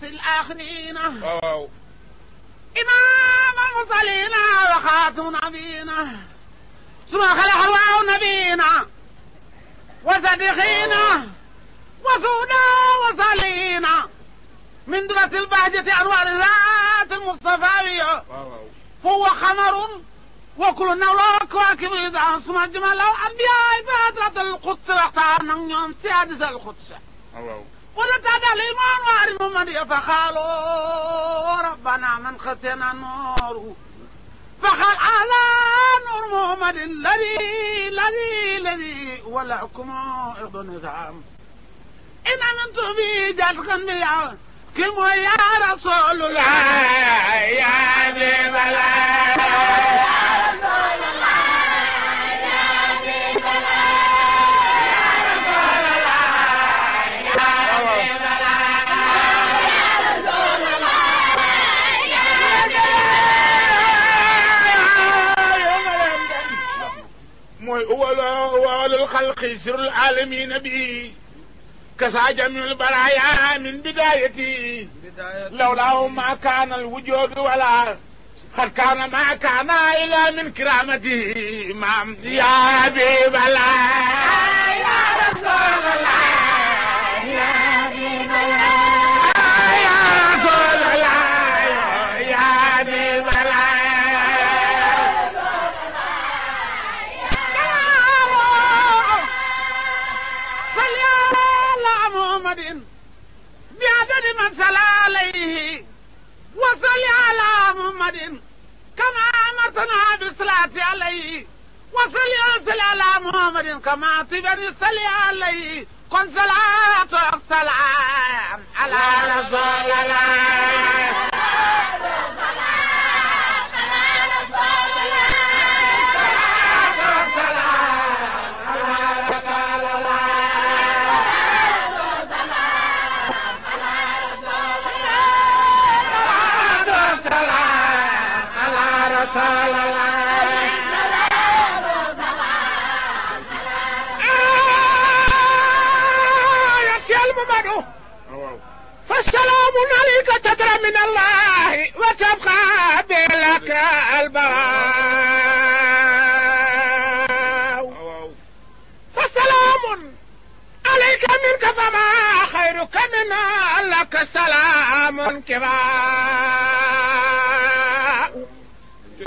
في الآخرين إمام المرسلين وخاتم نبينا ثم خلق الله نبينا وصديقينا وسودا وصلينا من درة البهجة أنوار ذات المصطفى هو خمر وكل نولا كواكب إذا ثم جمال الأنبياء بهدرة القدس واختارنا يوم سادس القدس الله ولتدى الإيمان وارم من فقالوا ربنا من ختنا نوره فخال على نور محمد الذي الذي الذي ولعكم ابن نظام إن أمنت به جلقا بالعون كم يا رسول الله وقيسر العالمين به كسى جميع البرايا من بدايتي لولاه ما كان الوجود ولا هل كان ما كان إلا من كرامتي إمام يا حبيب الله محمد كما تجري صلي عليه كن صلاة السلام على رسول الله Salah. فالسلام عليك تترى من الله وتبقى بلك البراء فالسلام عليك منك فما خيرك من لك سلام كبار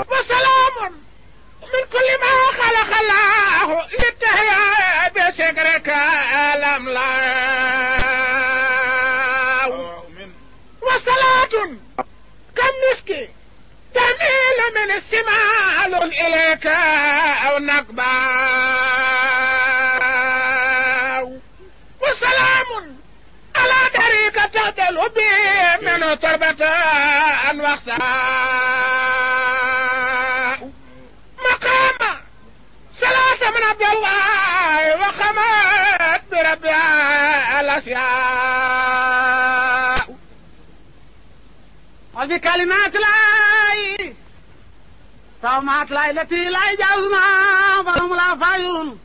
وسلام من كل ما خلق الله للتهيئ بشكرك الأملاك من السماء إليك أو النقبة وسلام على طريقة تعدل به من تربة وخساء مقام صلاة من عبد الله وخمات بربها الأشياء كلمات لا سومات ليلتي لا يجاوزنا فهم لا فايرون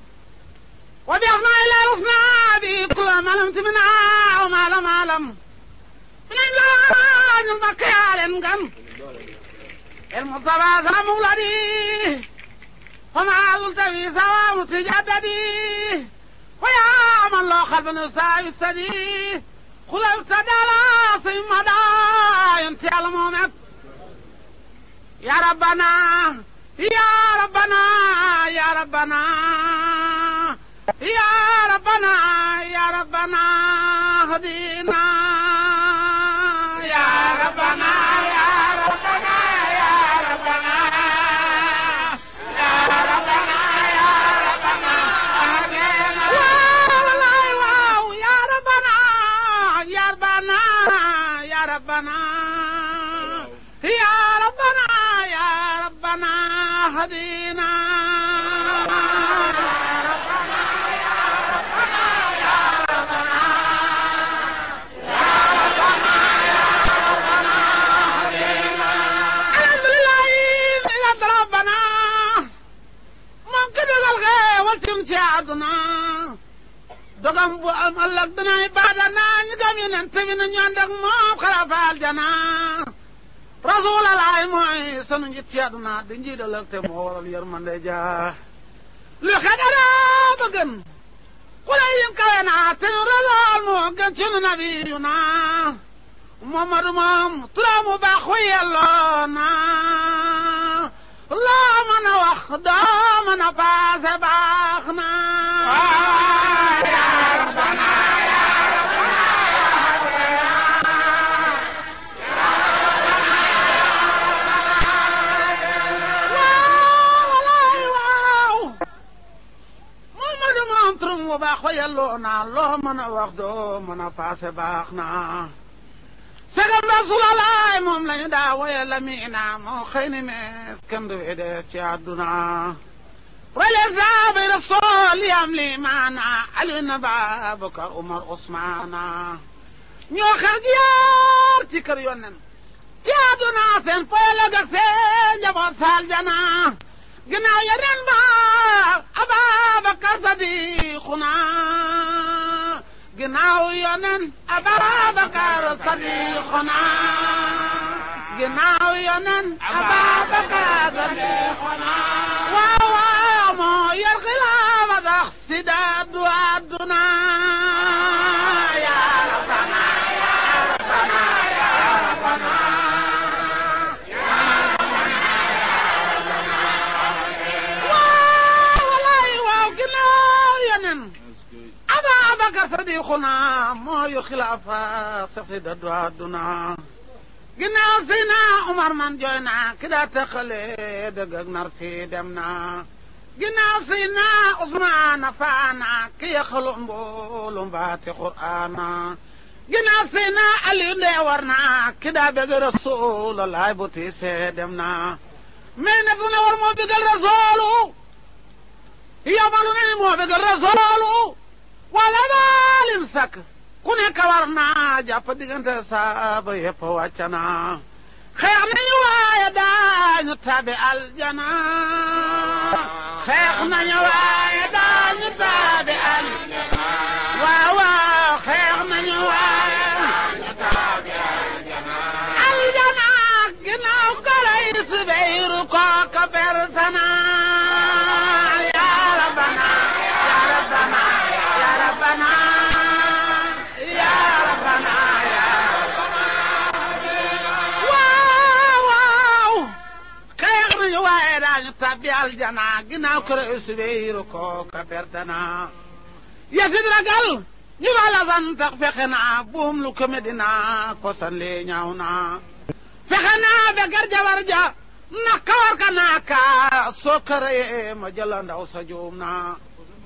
وبأغنى إلى رسنا بكل ما لم تمنع وما لم أعلم من الجوان البقي على النقم المصطفى سلام ولدي وما قلت في سوى متجددي ويا من له قلب يسعى يستدي خلفت دلاسي مدار يا ربنا يا ربنا يا ربنا يا ربنا يا ربنا اهدنا يا ربنا يا ربنا يا ربنا هدينا تمتعدنا دغم بو ام الله دنا عبادنا نغم ينتمي نيون دغم خرافال جنا رسول الله معي سنجي تيادنا دنجي دلوك تمور اليرمان دي لخدر بغن قل ايم كوين عاتر المعقن شن نبينا محمد مام ترام باخوي اللونا لا من وخدا من فاس باخنا bu baax fa yelloo a wax doo mën a paase baax naa segam moom lañu daa woye lamina moo ni mees kenn du fi des ci àdduna saabay rasool yam limaana ali na babakar umar usmaana ñoo xar gi yaar ci kër yonen ci àdduna seen seen njaboot saal jana جنايرن با أبا بكر صديقنا جناو ينن أبا بكر صديقنا جناو ينن أبا بكر صديقنا واو ما يرغي لا مدخ سداد صديقنا mooyu xilaafa sax si daddu àdduna ginnaaw Seyna Umar man jooy na ki daa tëqale dëgg ak nar fii dem na ginnaaw Seyna Usmaan faana ki yàqalu mboolu mbaati quraana ginnaaw Seyna Aliyu ndee war na ki daa bëgg Rasuul laay bu tiisee dem na mais nag mu ne war moo bëggal Rasuulu yow ma lu ne moo bëggal Rasuulu wala baalim sakk ku nekk war na jàpp diggante saaba yëpp wàccana xex nañu waaye daañu tabi aljana xex nañu waaye daañu tabi aljana waaw waaw xeex nañu waaye aljana ginnaaw ndaw sa juum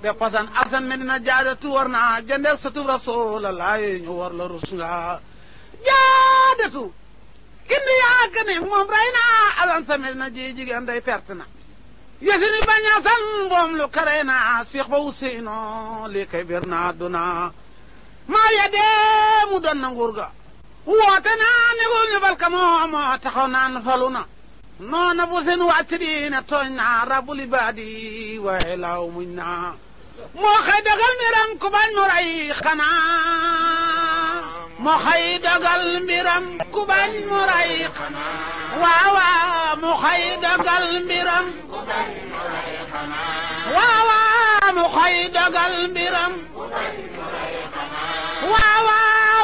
be pasan asan Medina jaada tu war naa jëndeeg sa tub Rasulallah ñu war la rus nga jaadatu kindu yaa gane asan sa Medina ji jigéen day perte yesini bañasan mboom lu karena siix ba useyno li kay bir na maa yadee mu doon na nguur ga woote naa nigul ñu balka moo moo taxaw naan falu na noona bu seen wàcc diina tooñ naa rabul ibaadi waaye laaw muñ naa moxay dagal mbiram ku bañ nu rey xanaa moxay dagal mbiram ku bañ nu rey xanaa waawa moxay dagal mbiram ku bañ nu rey xanaa waawa moxay dagal mbiram ku bañ nu rey xanaa waawa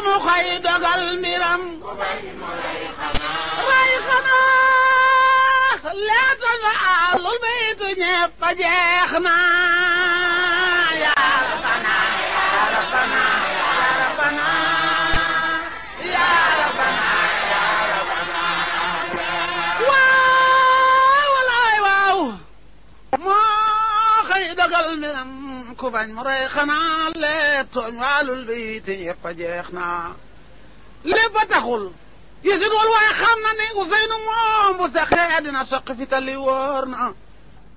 moxay dagal mbiram ku bañ nu rey xanaa rey xanaa leetal nga alul baytu ñepp a jeex naa كوبان مريخنا لتون والو البيت يفجيخنا لبتغل يزيد والو يخمني وزين مام بزخي عدنا شقفت اللي ورنا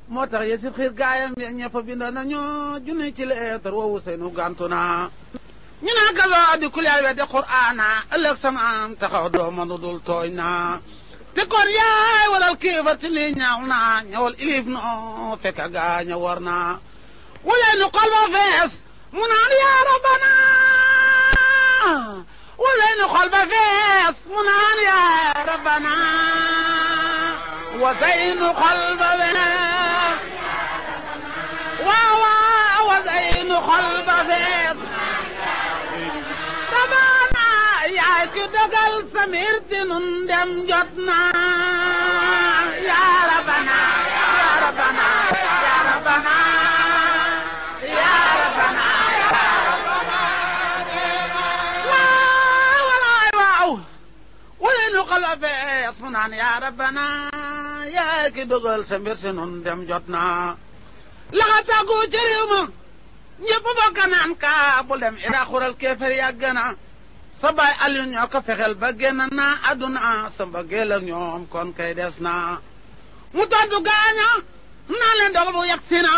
موتر يزيد خير قايم ينفى يعني بنا نيو جوني تلاتر ووسين وقانتنا نينا قلوا عدي كل عربية قرآن اللي سمعان تخو دوما ندول توينا تقول ياي ولا الكيفة تلي نعونا نعو الإليف نعو فكا نعورنا ولأنه قلبه فاس منار يا ربنا ولأنه قلبه فاس منار يا ربنا وزين قلبه ووا وزين قلبه فاس تبانا يا كدقل سميرت نندم جتنا يا ربنا naan yaa rabbana yaa ki dogal sa si nun dem jot na laxa tàggu ci réew ma ñëpp bokk naan kaa bu dem ira xural kéefar yàgg na sa baay Aliou ñoo ba génn naa àdduna sa mbëggeel ñoom kon kay des na mu tontu gaaña naa leen dogal bu yegg si na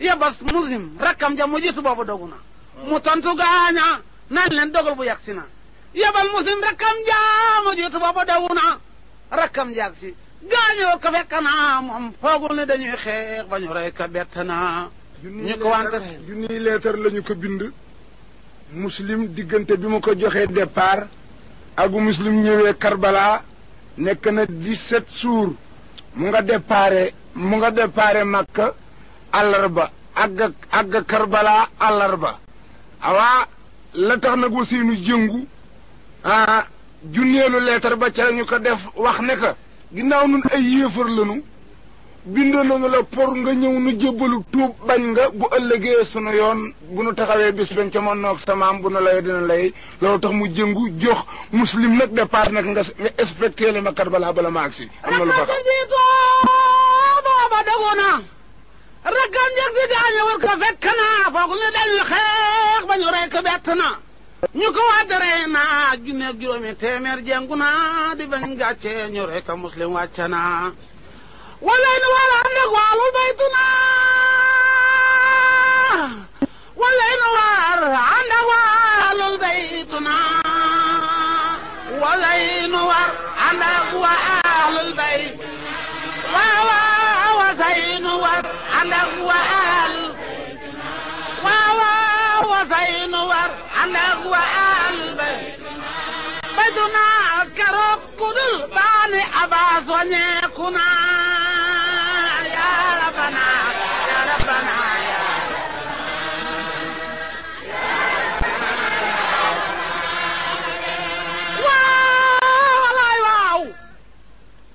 yebas muslim rakkam ja mu jiitu boobu dogu na mu tontu gaaña naa leen dogal bu yegg si na yebal muslim rakkam ja mu jiitu boobu dogu na rakkam njaag si gaañoo ko fekk naa moom foogul ne dañuy xeex ba rey ko bett naa ñu ko wante junniy leetar la ko bind muslim diggante bi mu ko joxee départ agu muslim ñëwee Karbala nekk na dix-sept jours mu nga déparé mu nga déparé Makka àllarba àgg àgg Karbala àllarba awaa la tax nag wasiinu jëngu ah junneelu leetar ba ca ñu ko def wax ne ka ginnaaw nun ay yéefar lanu bindoo nañu la pour nga ñëw nu jébbalu tuub bañ nga bu ëllëgee sunu yoon bu nu taxawee bis benn ca mën noog samaam bu nu lay dina lay loolu tax mu jëngu jox muslim nag départ nag nga nga ma kat balaa bala ma agsi na na rakkam njëg si gaañu war ko fekk na foog ne dañu xeex ba ñu rey bett na ñu ko waa daree naa junneeg juróomi téeméer jengu naa di bañ gàcce ñu rek a muslim wàcc naa walay nu wala am nag waalul baytu naa walay nu waar am nag waalul baytu naa walay nu waar am nag waalul bayt waawaa wasay nu war am nag waalul waawaa wasay nu war نغو البيت بدنا كرب كل بان عباس ونيكنا يا ربنا يا ربنا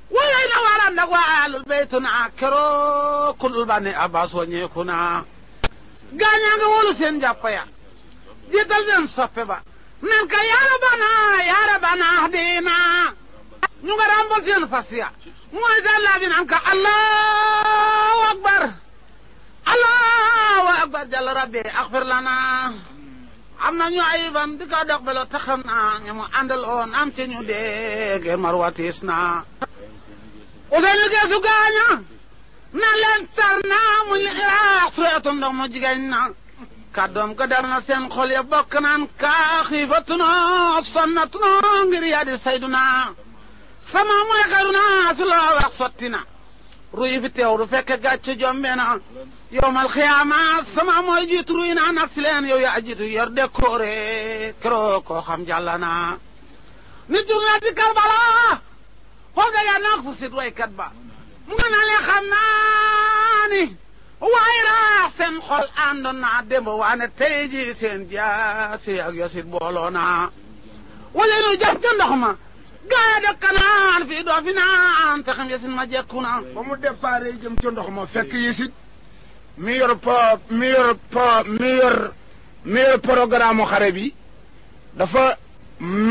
ولين ورنا وآل البيت نعكرو كل بني أباس ونيكنا غانيا نقول سنجا dia tahu jangan sopir ba. Men kaya lo bana, ya lo bana hadina. Nunggu rambol jangan fasia. Mau izah lagi nangka Allah akbar, Allah akbar jalan rabi akfir lana. Amna nyu ayam di kadok belok takkan ang yang on am cinyu deg marwatis Udah nyu dia suka nya. Nalentar na mulai rasa tu nang kàddoom ga dar na seen xol ya bokk naan kaa xiifatunoo sonnatunoo ngir yaa di sayduna sama mooy xaruna su loo wax sotti na ruyu fi teew du fekk gàcce jombe na yowmal xiyaama sama mooy jiitu ruy naa nag si leen yow yaa jiitu yor dékoore keroo koo xam jàlla na nit jur na ci Karbala foofu da yaa naag fu sit waykat ba mu nga xam naa waaye raa seen xol àndoon naa démb waane tey jii seen jaasi ak yosit booloo naa wala nu jaf ca ndox ma gaaya dëkk naan fii doo naan te xam ma jekku na ba mu déparé jëm ca ndox ma fekk yosit mi yor po mi bi dafa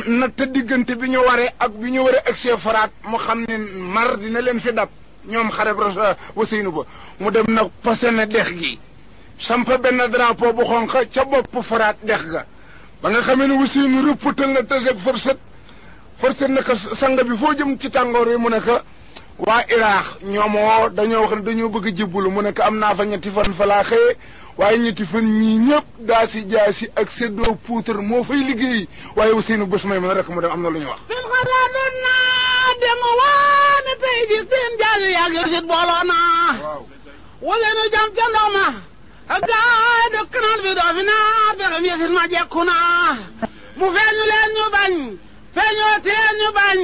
natt diggante bi ñu waree ak bi ñu waree ak see faraat mu xam ne mar dina leen fi dab ñoom xare ba waseynu ba mu dem nag posé na dex gi samp benn drapeau bu xonxa ca bopp faraat dex ga ba nga xamee ne wasiinu rëppatal na tëseeg fërsët fërsët naka sang bi foo jëm ci tàngoor yi mu ne ka waa iraax ñoomoo dañoo wax ne dañoo bëgg a mu ne ka am naa fa ñetti fan fa laa xëye waaye ñetti fan ñii ñëpp daa si jaa si ak séddoo puutar moo fay liggéey waaye wasiinu bés may mu a rek mu dem am na lu ñu wax dem waane tey ji seen jaal yaa gër booloo naa wala jam jandoo ma gaay dëkk naan bi doo fi naar bexem yesit jekku naa mu feeñu leen ñu bañ feeñooti leen ñu bañ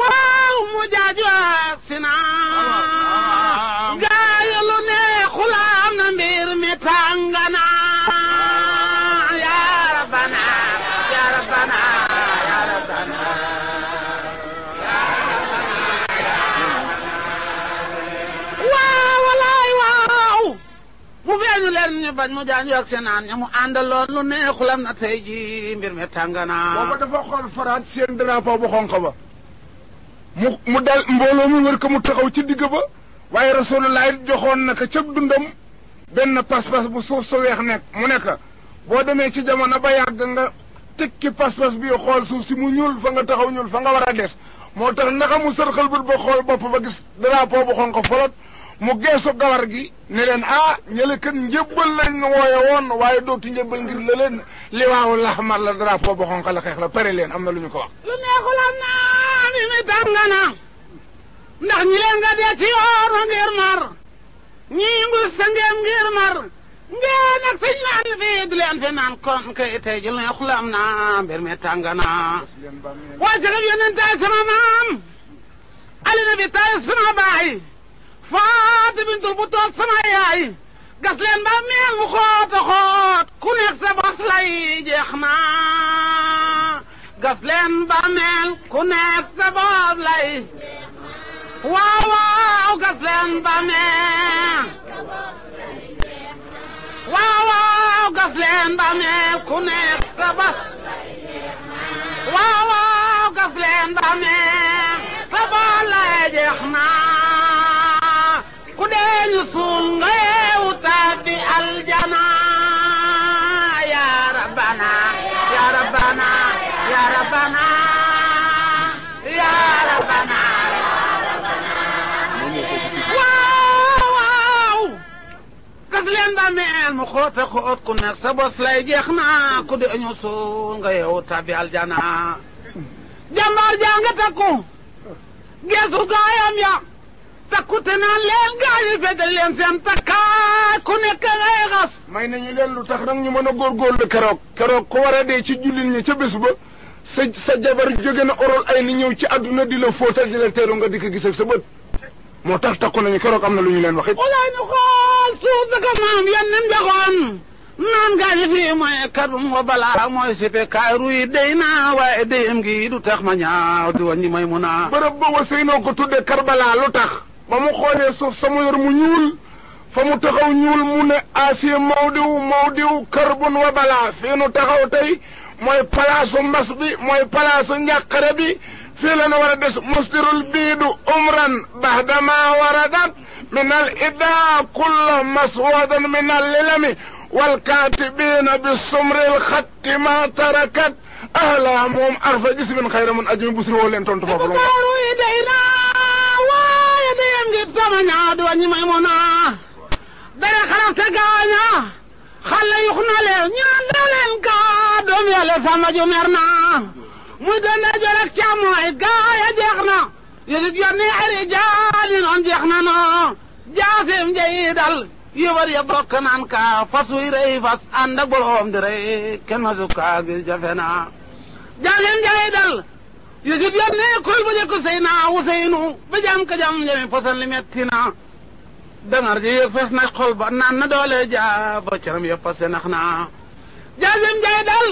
waaw mu jaaju ak si naa ah, ah, ah. gaay lu neexul am na mbir mi tànga naa leen ñu bañ mu jaan yokk si mu ña mu àndaloon lu neexulam na tey ji mbir mi tàng naa. booba dafa xool faraat seen drapeau bu xonq ba mu mu mbooloo mu wër ko mu taxaw ci digg ba waaye rasulullah joxoon na ko ca dundam benn pas-pas bu suuf su weex nekk mu nekk boo demee ci jamono ba yàgg nga tekki pas-pas bi xool suuf si mu ñuul fa nga taxaw ñuul fa nga war a des moo tax naka mu sërxal bët ba xool bopp ba gis drapeau bu xonq folot mu geesu gawar gi ne leen ah ñële kat njëbbal lañ wooye woon waaye dootu njëbbal ngir la leen liwaawu laxmar la drapeau ba xonq la xeex la pare leen am na lu ñu ko wax lu neexul am na mi mi ndax ñi leen nga dee ci yoonu ngir mar ñi ngus sa ngir mar ngeen ak sëñ naan fii du leen fi naan kon kay tey ji taay sama maam ali na bi taay sama baay faata bintul bu toog sama yaay gas leen ba xoot a xoot ku lay jeex ma gas leen ba lay waaw waaw gas leen ba meel lay jeex ku dee ñu suul nga yeewu tàbbi aljana yaa rabbana yaa rabbana yaa rabbana yaa rabbana waaw waaw kas leen ba meel mu xóota xóot ku nekk sa bos lay jeex na ku dee ñu suul nga yeewu tàbbi aljana jàmbaar jaa nga takku geesu gaayam ya takkute naan leen gaañu feddal leen seen takkaay ku nekk ngay xas may nañu leen lu tax nag ñu mën a góorgóorlu keroog keroog ku war a dee ci jullit ñi ca bés ba sa sa jabar jóge na orol ay ni ñëw ci àdduna di la fóotal di la nga di ko gis sa bët moo tax takku nañu keroog am na lu ñu leen wax it walaay ñu xool suuf dëkka maam yan nen naan gaañu fii mooy kadum wa balaa mooy sipe kaay ruyi day naa waaye dayam gi du tax ma ñaaw di wàññi may mu naa bërëb ba wa sëy noo ko tudde karbala ba mu xoolee suuf sa mu yor mu ñuul fa mu taxaw ñuul mu ne acier mawdiw mawdiw carbone wa balaa fii nu taxaw tey mooy palaasu mbas bi mooy palaasu njàqare bi fii la nu war a des mustirul biidu umran bahdama waradat min al idaa kulla maswadan min al lilami والكاتبين بالسمر الخط ما تركت أهلهم أرفع جسم خير من أجمل بسر ولن تنتفع deyam ngir tamaña du wañi maymuna dara xarafte gaaña xale yux na leen ñaan daw leen kaa doom yàlla na muy doon na jor ak càmmooy gaaya jeex na yësit yoon ni ari jaani noon jeex na no jaasim jayi dal yëbar ya bokk naan fas wuy rey fas ànd ak boroom rey kenn masu kaa jafe na jaasim jayi yusuf yónnee kul bu njëkk Seyna Useynu ba jam ka jam njame posan li metti na dangar ji fes na xol ba naan na doole ja ba caram yëpp na jaasem jaay dal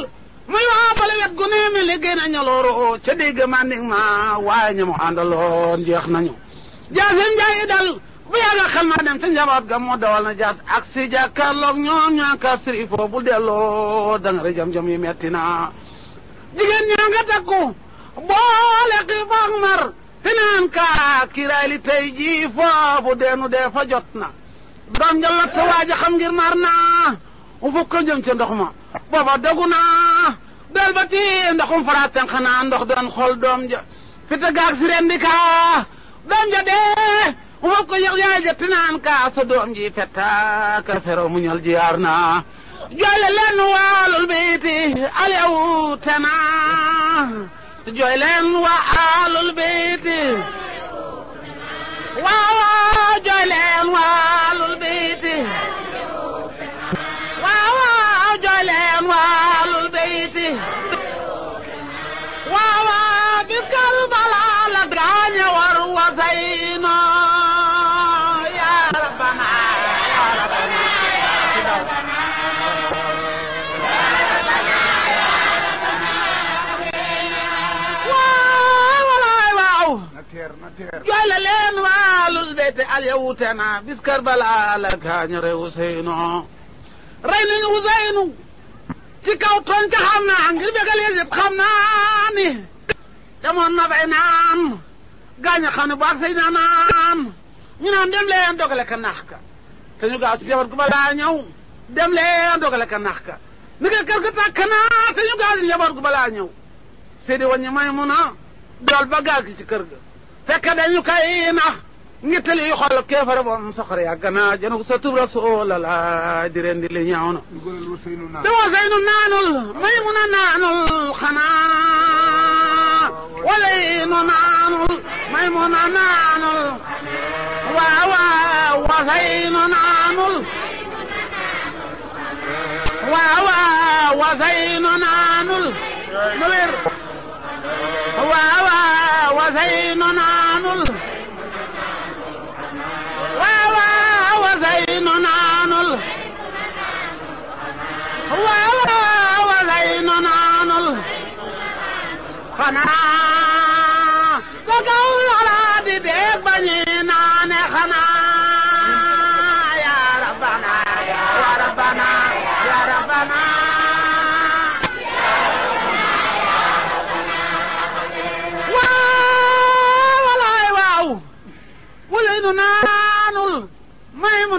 muy waa bale wet gu neeme liggéey na ñolooro ca dégg mandig ma waaye ña mu àndaloon jeex nañu jaasem jaay dal bu yàgga xel ma dem ca njaboot ga moo dawal na jaas ak si jàkkaarloog ñoom ñaaka siri foo bu delloo dangar jam jam yi metti na jigéen ñaa nga takku boole xiif ak mar te naan kaat tey jii foofu deenu dee fa jot na doom ja lott waaja xam ngir mar naa u fukk jëm ca ndox ma booba dogu naa del ba tii ndoxum faraat tenq naa ndox doon xool doom ja fita gaag si rendi kaa doom ja dee u fukk yëg yaay ja te naan kaa doom ji fetta ka fero mu ñal jiyaar naa jolle lenn waalul biiti aliawu te naa جلن وآل البيت واو جلن وآل البيت واو جلن وآل البيت واوا بكربلاء لبران وروزينا يلا لين ما لوز بيت اليوتنا بس كربلاء على كان يرهوسينو رين يوزينو تكاو تون كهامنا عنكر بيقال يزيب خامناني دمون نبعي نام غاني خانو باقسينا نام نينام دم لين دوك لك النحكا تنو قاوت جبر كبالا نيو دم لين دوك لك النحكا نيكا كركتا كنا تنو قاوت جبر كبالا نيو سيدي وني مايمونا دول بقاكي تكرقه فكذلك إيمه ñett li xol keefara bon soxore yàgg naa janug sa tub rasulala di ren di li ñaaw na dawa saynu naanul may mun a naanul xanaa wala nu naanul may mun a naanul waaw waaw wa saynu naanul waaw waaw wa saynu naanul nu wér waaw waaw wa saynu naanul xanaa la gawul ala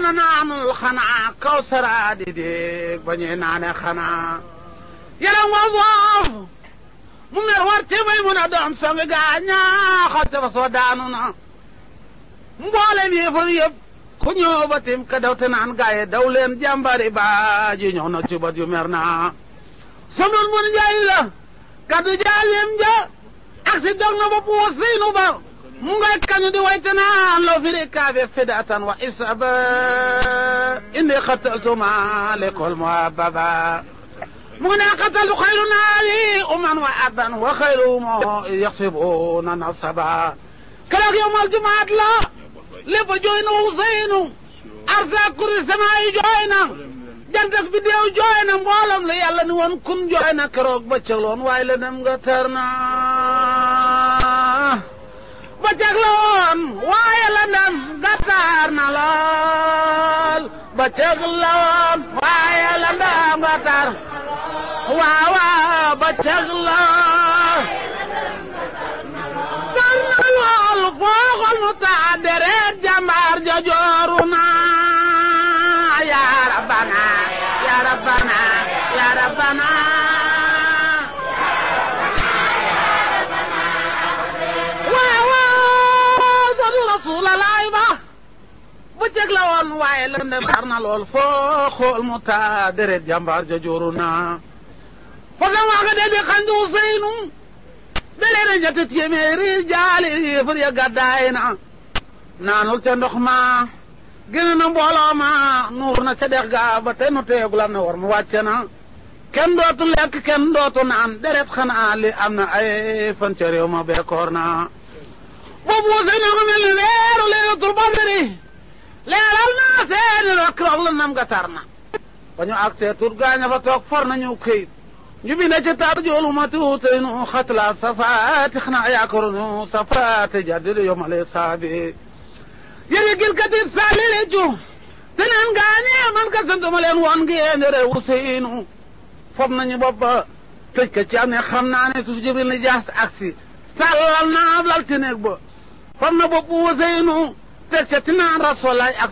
a naanul xanaa kaw saraa di déeg ba xanaa yaram wa soof mu mer war te bay mun a doom songi gaa ñaaxal te fa soo daanu na mboolem yi fa ku ñëw ba tim ka daw naan gaa yi daw baa ji ñëw na cubat yu mer naa somlul mun njaay la kaddu jaalim ja ak si dog na ba puus siinu ba مغاكا دي ويتنا لو فريكا بفداة وإسابة إني قتلت لكل مؤببة منا قتل خير نالي أما وأبا وخير ما يحسبون نصبا كلاك يوم الجمعة لا جوين وزين أرزاق كل السماء جوين jantak بديو جوين jooy ليالا نوان كن جوين كروك بچلون kun نمغترنا ko jagloon waaye la ndam na lool ba jagloon waaye la ndam gàttaar waaw waaw ba jagloon tar na lool fooxol mu taa deret jàmbaar jojooru na rabbana yaa rabbana bëccëg la woon waaye lëndëm xar na lool foo xool mu taa deret jàmbaar ja jooru naa façon waa nga dee di xandu Useynu belee na ñetti téeméeri jaali yéefar ya gàddaay na naanul ca ndox ma génn na mbooloo ma nuur na ca ga ba te nu teeg la na war mu wàcce kenn dootu lekk kenn dootu naan deret xanaa li am na ay fan ca réew ma beekoor na boobu Useynu nga mel ni weeru Laylatul Badri leeral naa seeni rokk la nam nga tar na ba ñu agsee tut gaaña fa toog for nañu këyit ñu bind ci tarjoolu ma tuutay nu xatlaab safaati xanaa yaakaru nu safaati jaddidi yomale saabi yëri gil katit saalili ju te neen gaañee man ka santuma leen woon ngi yéendere wuseenu fob nañu bopp ba ci am ne xam naa ne tuuti ni jaas aksi tàllal naa ab lal ci néeg ba fob na bopp teg ca tinaan ak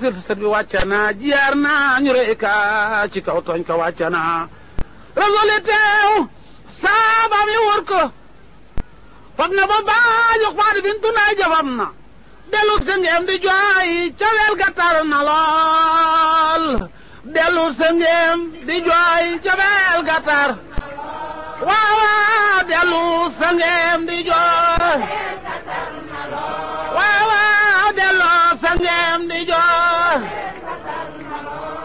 sirtu sët bi wàcca na jiyaar ñu rey ci kaw tooñ ko wàcca na rasuli teew saabaam fab na ba baaju xaadi bintu naay jafam na dellu sa di jooy ca wel na lool dellu sëngéem di jooy jabeel gatar waaw waaw dellu sëngéem di jooy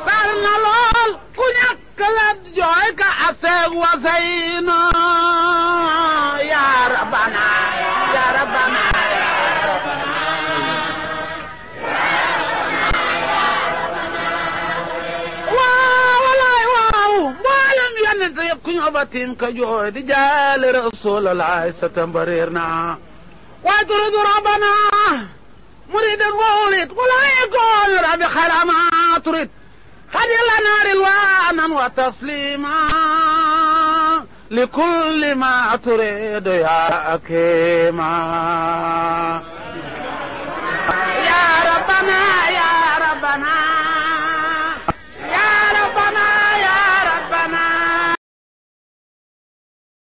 tar na lool ku ñàkk la jooy ka aseeg wasayna ku ñobatin ka رسول الله rasulallah sa tambarirna ربنا مريد وولد ولا يقول ربي خير ما تريد هدي لنا رلوانا وتسليما لكل ما تريد يا أكيما